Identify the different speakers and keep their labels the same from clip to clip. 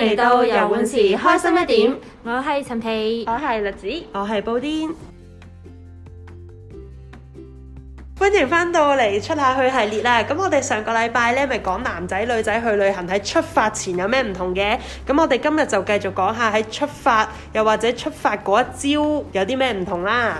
Speaker 1: 嚟到遊玩時，開心一點。我係陳皮，我係栗子，我
Speaker 2: 係布丁。歡迎返到嚟出下去系列啦！咁我哋上個禮拜咧，咪講男仔女仔去旅行喺出發前有咩唔同嘅。咁我哋今日就繼續講下喺出發，又或者出發嗰一朝有啲咩唔同啦。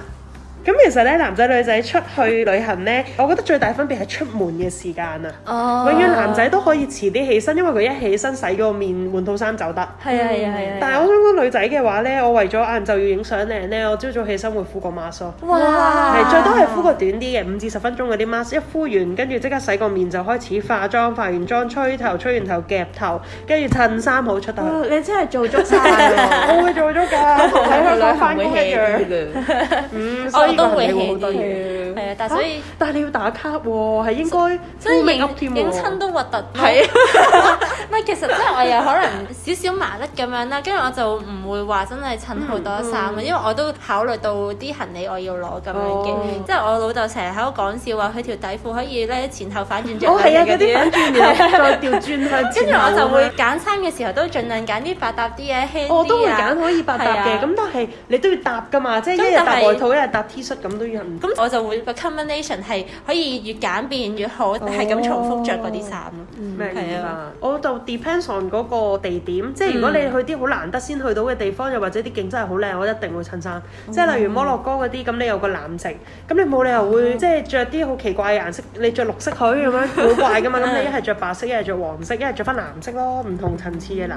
Speaker 2: 咁其實咧，男仔女仔出去旅行咧，我覺得最大分別係出門嘅時間啊！哦，永遠男仔都可以遲啲起身，因為佢一起身洗個面換套衫就得。係啊係啊係啊！但係我想講女仔嘅話咧，我為咗晏晝要影相靚咧，我朝早起身會敷個 mask。哇！係最多係敷個短啲嘅，五至十分鐘嗰啲 mask。一敷完跟住即刻洗個面就開始化妝，化完妝，吹頭，吹完頭夾頭，跟住襯衫好，出得。你真係做足曬㗎！我會做足㗎，同你香港翻工一樣。嗯。
Speaker 3: 我都會好多嘅，係 啊樂，但所以，但係你要打卡喎，係應該，即係噉，影親都核突。係啊。其實即係我又可能
Speaker 1: 少少麻甩咁樣啦，跟住我就唔會話真係襯好多衫，因為我都考慮到啲行李我要攞咁樣嘅。即係我老豆成日喺度講笑話，佢條底褲可以咧前後反轉著嘅。哦，係啊，嗰啲一轉完再掉轉向。跟住我就會揀衫嘅時候都盡量揀啲百搭啲嘅輕。我都會揀可以百搭嘅，咁
Speaker 2: 但係你都要搭㗎嘛，即係一日搭外套，一日搭 T 恤咁都一樣。
Speaker 1: 咁我就會 combination 係可以越簡便越好，係咁重複着嗰啲衫咩？明
Speaker 2: 啊！我度。Depends on 嗰個地點，即係如果你去啲好難得先去到嘅地方，又或者啲景真係好靚，我一定會襯衫。即係例如摩洛哥嗰啲咁，你有個藍城，咁你冇理由會即係著啲好奇怪嘅顏色，你着綠色佢咁樣好怪噶嘛。咁你一係着白色，一係着黃色，一係着翻藍色咯，唔同層次嘅藍。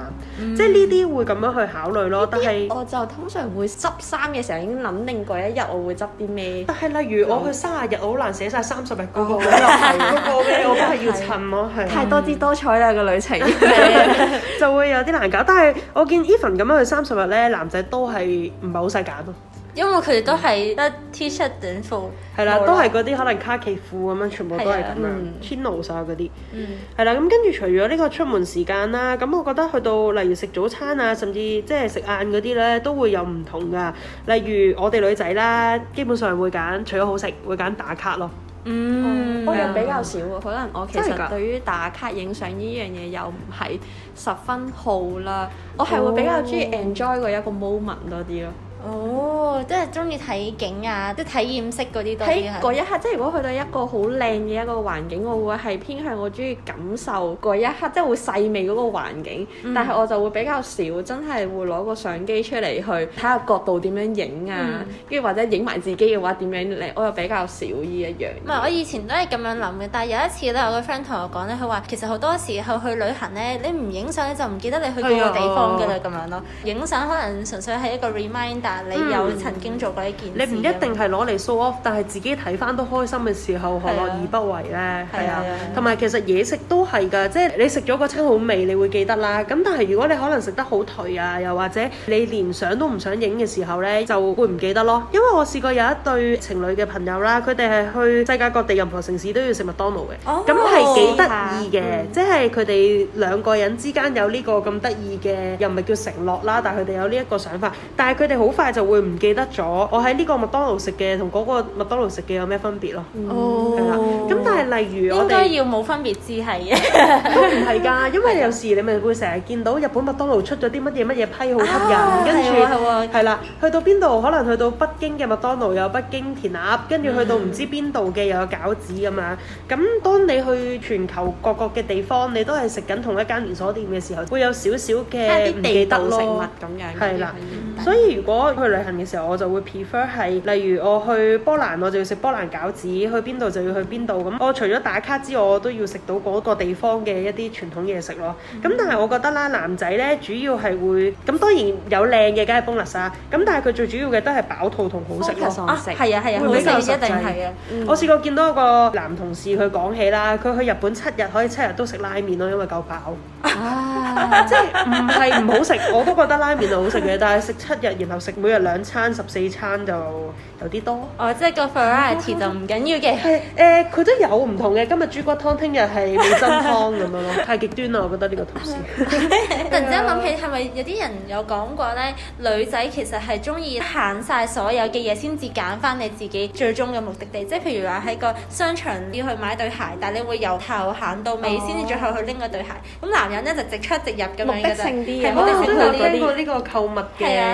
Speaker 2: 即係呢啲會咁樣去考慮咯。但係我就通常會執衫嘅時候已經諗定過一日我會執啲咩。但係例如我去三十日，我好難寫晒三十日嗰個咩，嗰個
Speaker 3: 咩，我都係要襯咯。係太多姿多彩啦個旅程。
Speaker 2: 就會有啲難搞，但係我見 Even 咁樣去三十日咧，男仔都係唔係好使揀咯。
Speaker 3: 因為佢哋
Speaker 1: 都係得 T 恤短褲，係 啦，都係
Speaker 2: 嗰啲可能卡其褲咁樣，全部都係咁樣，chinos 啊嗰啲，係、嗯、啦。咁跟住除咗呢個出門時間啦，咁、嗯、我覺得去到例如食早餐啊，甚至即係食晏嗰啲咧，都會有唔同噶。例如我哋女仔啦，基本上會揀，除咗好食，會揀打卡咯。
Speaker 3: 嗯，我人、哦哦、比較少喎，嗯、可能我其實對於打卡影相呢樣嘢又唔係十分好啦，我係會比較中意 enjoy 過、哦、一個 moment 多啲咯。哦，即係中意
Speaker 1: 睇景啊，即係體驗式啲多睇。係。一
Speaker 3: 刻，即係如果去到一個好靚嘅一個環境，我會係偏向我中意感受嗰一刻，即係會細微嗰個環境。嗯、但係我就會比較少，真係會攞個相機出嚟去睇下角度點樣影啊，跟住、嗯、或者影埋自己嘅話點樣靚，我又比較少呢一樣，
Speaker 1: 唔係我以前都係咁樣諗嘅，但係有一次咧，我個 friend 同我講咧，佢話其實好多時候去旅行咧，你唔影相咧就唔記得你去邊個地方㗎啦的，咁樣咯。影相可能純粹係一個 reminder。嗯、你有曾經做
Speaker 2: 過呢件嘢？你唔一定係攞嚟 show off，但係自己睇翻都開心嘅時候，何樂而不為呢？係啊，同埋其實嘢食都係㗎，即係你食咗個餐好味，你會記得啦。咁但係如果你可能食得好頹啊，又或者你連相都唔想影嘅時候呢，就會唔記得咯。嗯、因為我試過有一對情侶嘅朋友啦，佢哋係去世界各地任何城市都要食麥當勞嘅，咁係幾得意嘅，即係佢哋兩個人之間有呢個咁得意嘅，又唔係叫承諾啦，但係佢哋有呢一個想法，但係佢哋好快。但係就會唔記得咗，我喺呢個麥當勞食嘅同嗰個麥當勞食嘅有咩分別咯、啊？哦、嗯，咁但係例如我哋都
Speaker 1: 要冇分別至係嘅， 都唔係
Speaker 2: 㗎，因為有時你咪會成日見到日本麥當勞出咗啲乜嘢乜嘢批好吸引，啊、跟住係啦，去到邊度可能去到北京嘅麥當勞有北京填鴨，跟住去到唔知邊度嘅又有餃子咁樣。咁、嗯、當你去全球各個嘅地方，你都係食緊同一間連鎖店嘅時候，會有少少嘅地道食物咁樣。係啦的。所以如果去旅行嘅時候，我就會 prefer 係例如我去波蘭，我就要食波蘭餃子；去邊度就要去邊度咁。我除咗打卡之外，我都要食到嗰個地方嘅一啲傳統嘢食咯。咁、嗯、但係我覺得啦，男仔咧主要係會，咁當然有靚嘅梗係 bonus，咁、啊、但係佢最主要嘅都係飽肚同好食咯。啊，係啊係啊，好食一定係啊！啊嗯、我試過見到一個男同事佢講起啦，佢、嗯、去日本七日可以七日都食拉麵咯，因為夠飽。啊， 即係唔係唔好食？ 我都覺得拉麵係好食嘅， 但係食。七日然後食，每日兩餐十四餐就有啲多
Speaker 1: 哦，即係個 variety 就唔緊要嘅。係誒，佢都有唔同嘅。今日豬
Speaker 2: 骨湯，聽日係魚身湯咁樣咯。太極端啦，我覺得呢個同事。突
Speaker 1: 然之間諗起，係咪有啲人有講過咧？女仔其實係中意行晒所有嘅嘢先至揀翻你自己最終嘅目的地，即係譬如話喺個商場要去買對鞋，但係你會由頭行到尾先至最後去拎嗰對鞋。咁男人咧就直出直入咁樣嘅啫。目的性啲嘅，我都有拎呢
Speaker 2: 個購物嘅。嗰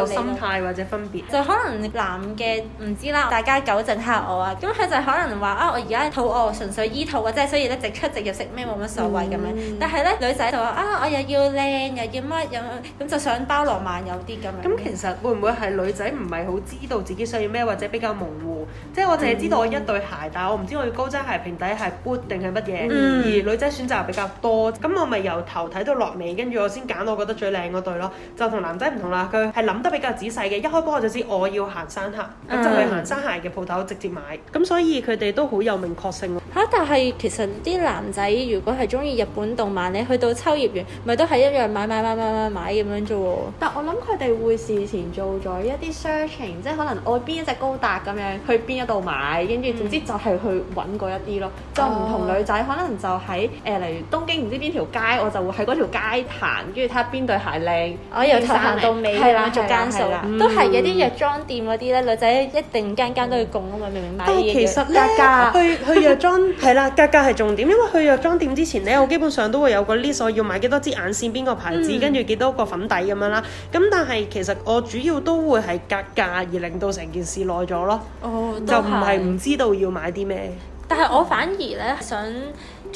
Speaker 2: 個心態或者分
Speaker 1: 別，嗯、就可能男嘅唔知啦，大家糾正下我啊。咁佢就可能話啊，我而家肚餓，純粹醫肚或者所以咧，直出直入食咩冇乜所謂咁樣。嗯、但係咧，女仔就話啊，我又要靚，又
Speaker 2: 要乜，又咁就想包羅萬有啲咁樣。咁其實會唔會係女仔唔係好知道自己需要咩，或者比較模糊？即係我淨係知道我一對鞋，嗯、但係我唔知我要高踭鞋、平底鞋 boot、boot 定係乜嘢。而女仔選擇比較多，咁我咪由頭睇到落尾，跟住我先揀我覺得最靚嗰對咯。就男同男仔唔同啦。佢係諗得比較仔細嘅，一開波我就知我要行山鞋，咁、嗯、就去行山鞋嘅鋪頭直接買，咁、嗯、所以佢哋都好有明確性咯。啊、但係
Speaker 1: 其實啲男仔如果係中意日本動漫，你去到秋葉原咪都係一樣買買買
Speaker 3: 買買買咁樣啫喎。但我諗佢哋會事前做咗一啲 searching，即係可能愛邊一隻高達咁樣，去邊一度買，跟住總之就係去揾嗰一啲咯。嗯、就唔同女仔可能就喺誒，例、呃、如東京唔知邊條街，我就會喺嗰條街行，跟住睇下
Speaker 2: 邊對鞋靚。我由頭行到尾㗎尾啦，逐間數，嗯、都係有啲藥
Speaker 1: 妝店嗰啲咧。女仔一定間間都要供啊嘛，嗯、明明買嘢㗎。但係其實去去藥
Speaker 2: 妝。 係啦，格價係重點，因為去藥妝店之前咧， 我基本上都會有個 list，我要買幾多支眼線，邊個牌子，跟住幾多個粉底咁樣啦。咁但係其實我主要都會係格價而令到成件事耐咗咯。
Speaker 1: 哦，就唔係唔
Speaker 2: 知道要買啲咩，
Speaker 1: 但係我反而咧想。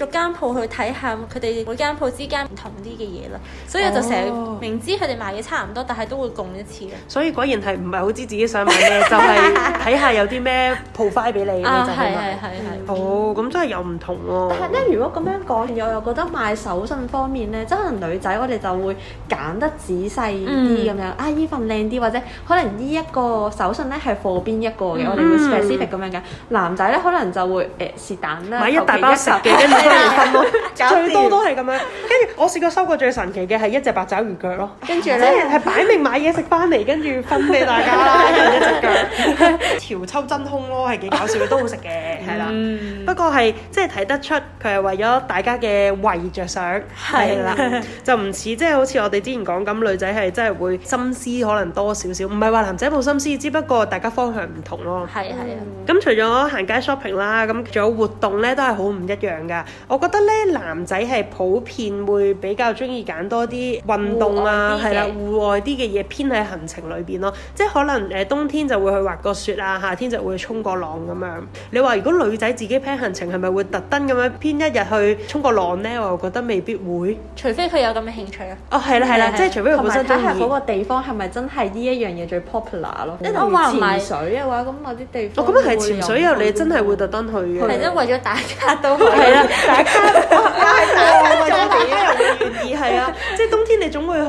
Speaker 1: 間鋪去睇下佢哋，每間鋪之間唔同啲嘅嘢啦，所以我就成日明知佢哋賣嘢差唔多，但係都會共一次嘅。
Speaker 2: 所以果然係唔係好知自己想買咩？ 就係睇下有啲咩 profile 俾你咁樣係係哦，咁、哦、真係有唔
Speaker 3: 同、啊、但咁咧，如果咁樣講我又覺得買手信方面咧，即、就、係、是、可能女仔我哋就會揀得仔細啲咁樣，嗯、啊依份靚啲，或者可能呢一個手信咧係貨邊一個嘅，嗯、我哋會 specific 咁樣嘅。男仔咧可能就會誒是但啦，求、欸、一。買一大包嘅。其 最多都
Speaker 2: 係咁樣。跟住我試過收過最神奇嘅係一隻八爪魚腳咯。跟住咧，係 擺明買嘢食翻嚟，跟住分俾大家啦，一人 一隻腳，調 抽真空咯，係幾搞笑，都好食嘅。係啦，嗯、不過係即係睇得出佢係為咗大家嘅維着想，係啦，就唔似即係好似我哋之前講咁，女仔係真係會心思可能多少少，唔係話男仔冇心思，只不過大家方向唔同咯，哦。係係啊，咁、嗯、除咗行街 shopping 啦，咁仲有活動咧都係好唔一樣噶。我覺得咧男仔係普遍會比較中意揀多啲運動啊，係啦，戶外啲嘅嘢偏喺行程裏邊咯。即係可能誒冬天就會去滑個雪啊，夏天就會衝個浪咁樣。你話如果女仔自己 plan 行程係咪會特登咁樣編一日去衝個浪咧？我又覺得未必會，
Speaker 3: 除非佢有咁嘅興趣咯。哦，係啦，係啦，即係除非佢本身好中意。係嗰個地方係咪真係呢一樣嘢最 popular 咯？一談潛水嘅話，咁我啲地方我覺得係潛水啊，你真係會
Speaker 2: 特登去。係啦，
Speaker 3: 為咗打卡都
Speaker 2: 可以。係啦，打卡，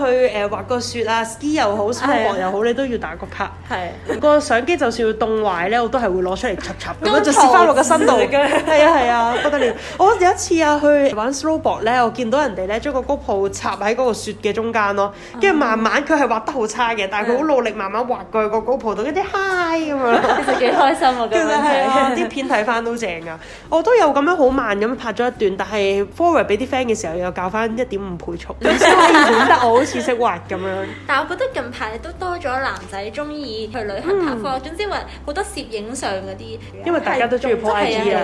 Speaker 2: 去誒、呃、滑個雪啊，ski 又好 snowboard 又好，好的你都要打個卡。係的個相機，就算要凍壞咧，我都係會攞出嚟插插咁樣，就攝翻落個身度嘅。係啊係啊，不得了！我有一次啊去玩 snowboard 咧，我見到人哋咧將個 GoPro 插喺嗰個雪嘅中間咯，跟住慢慢佢係、嗯、滑得好差嘅，但係佢好努力慢慢滑嘅個 GoPro，到一啲嗨咁樣咯。其實幾開心 啊！咁樣睇啲 片睇翻都正㗎。我都有咁樣好慢咁拍咗一段，但係 forward 俾啲 friend 嘅時候又校翻一點五倍速，先可以影得我好似。識畫咁樣，
Speaker 1: 但係我覺得近排都多咗男仔中意去旅行拍拖，總之話好多攝影上嗰啲，因為大家都中意 po IG 嘅，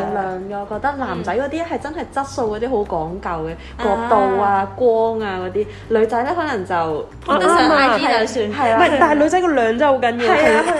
Speaker 1: 我
Speaker 3: 覺得男仔嗰啲係真係質素嗰啲好講究嘅角度啊、光啊嗰啲，女仔咧可能
Speaker 2: 就我都想買啲就算，係啦，唔係但係女仔個量真係好緊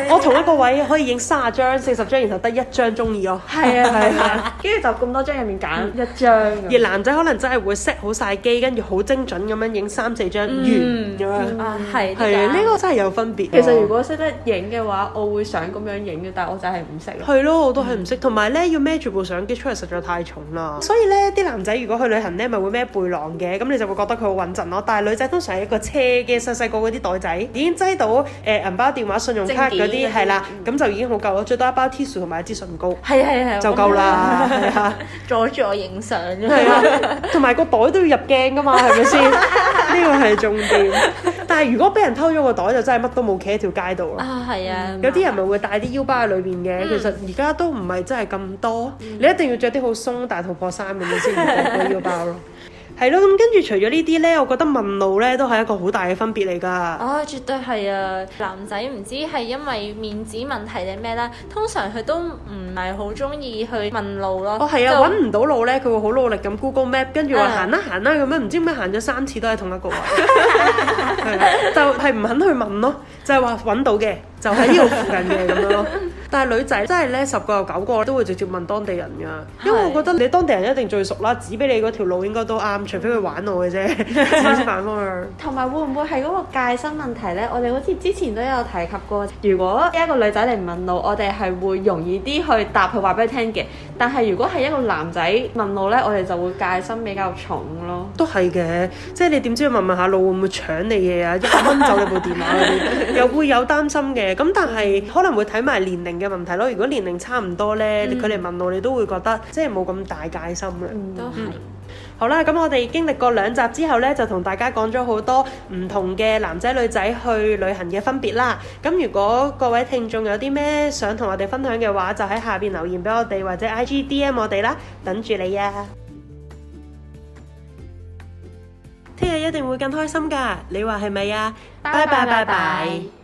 Speaker 2: 要，我同一個位可以影三十張、四十張，然後得一張中意咯，係啊係啊，跟住就咁多張入面揀一張，而男仔可能真係會 set 好曬機，跟住好精準咁樣影三四張。嗯，
Speaker 3: 咁樣啊，係係呢個真係
Speaker 2: 有分別。其實如果識得影嘅話，我會想
Speaker 3: 咁樣影嘅，但係我就
Speaker 2: 係唔識。係咯，我都係唔識。同埋咧，要孭住部相機出嚟實在太重啦。所以咧，啲男仔如果去旅行咧，咪會孭背囊嘅，咁你就會覺得佢好穩陣咯。但係女仔通常係一個車嘅細細個嗰啲袋仔，已經擠到誒銀包、電話、信用卡嗰啲係啦，咁就已經好夠咯。最多一包 tissue 同埋一支唇膏，係係係，就夠啦。係呀，阻住我
Speaker 1: 影相係呀，
Speaker 2: 同埋個袋都要入鏡噶嘛，係咪先？呢個係重點，但係如果俾人偷咗個袋，就真係乜都冇，企喺條街度咯。
Speaker 1: 啊，係啊，嗯、有
Speaker 2: 啲人咪會帶啲腰包喺裏邊嘅。嗯、其實而家都唔係真係咁多，嗯、你一定要着啲好鬆大肚婆衫嘅先會帶到腰包咯。 係咯，咁跟住除咗呢啲呢，我覺得問路呢都係一個好大嘅分別嚟噶。
Speaker 1: 哦，絕對係啊！男仔唔知係因為面子問題定咩啦，通常佢都唔係好中意去問路咯。哦，係啊，揾唔
Speaker 2: 到，到路呢，佢會好努力咁 Google Map，跟住話行啦行啦咁樣，唔知點解行咗三次都係同一個位， 就係、係、唔肯去問咯，就係話揾到嘅就喺呢度附近嘅咁樣咯。 但係女仔真係咧十個有九個都會直接問當地人㗎，是因為我覺得你當地人一定最熟啦，指俾你嗰條路應該都啱，除非佢玩我嘅啫。
Speaker 3: 同埋 會唔會係嗰個戒心問題呢？我哋好似之前都有提及過，如果一個女仔嚟問路，我哋係會容易啲去答佢話俾佢聽嘅。但係如果係一個男仔問路呢，我哋就會戒心比較重咯。
Speaker 2: 都係嘅，即係你點知問問下路會唔會搶你嘢啊？一蚊走你部電話嗰啲， 又會有擔心嘅。咁但係可能會睇埋年齡。嘅問題咯，如果年齡差唔多呢，佢哋問我，你都會覺得即係冇咁大戒心嘅。嗯，都係。好啦，咁我哋經歷過兩集之後呢，就同大家講咗好多唔同嘅男仔女仔去旅行嘅分別啦。咁如果各位聽眾有啲咩想同我哋分享嘅話，就喺下邊留言俾我哋，或者 IGDM 我哋啦，等住你啊！聽日一定會更開心噶，你話係咪啊？拜拜拜拜。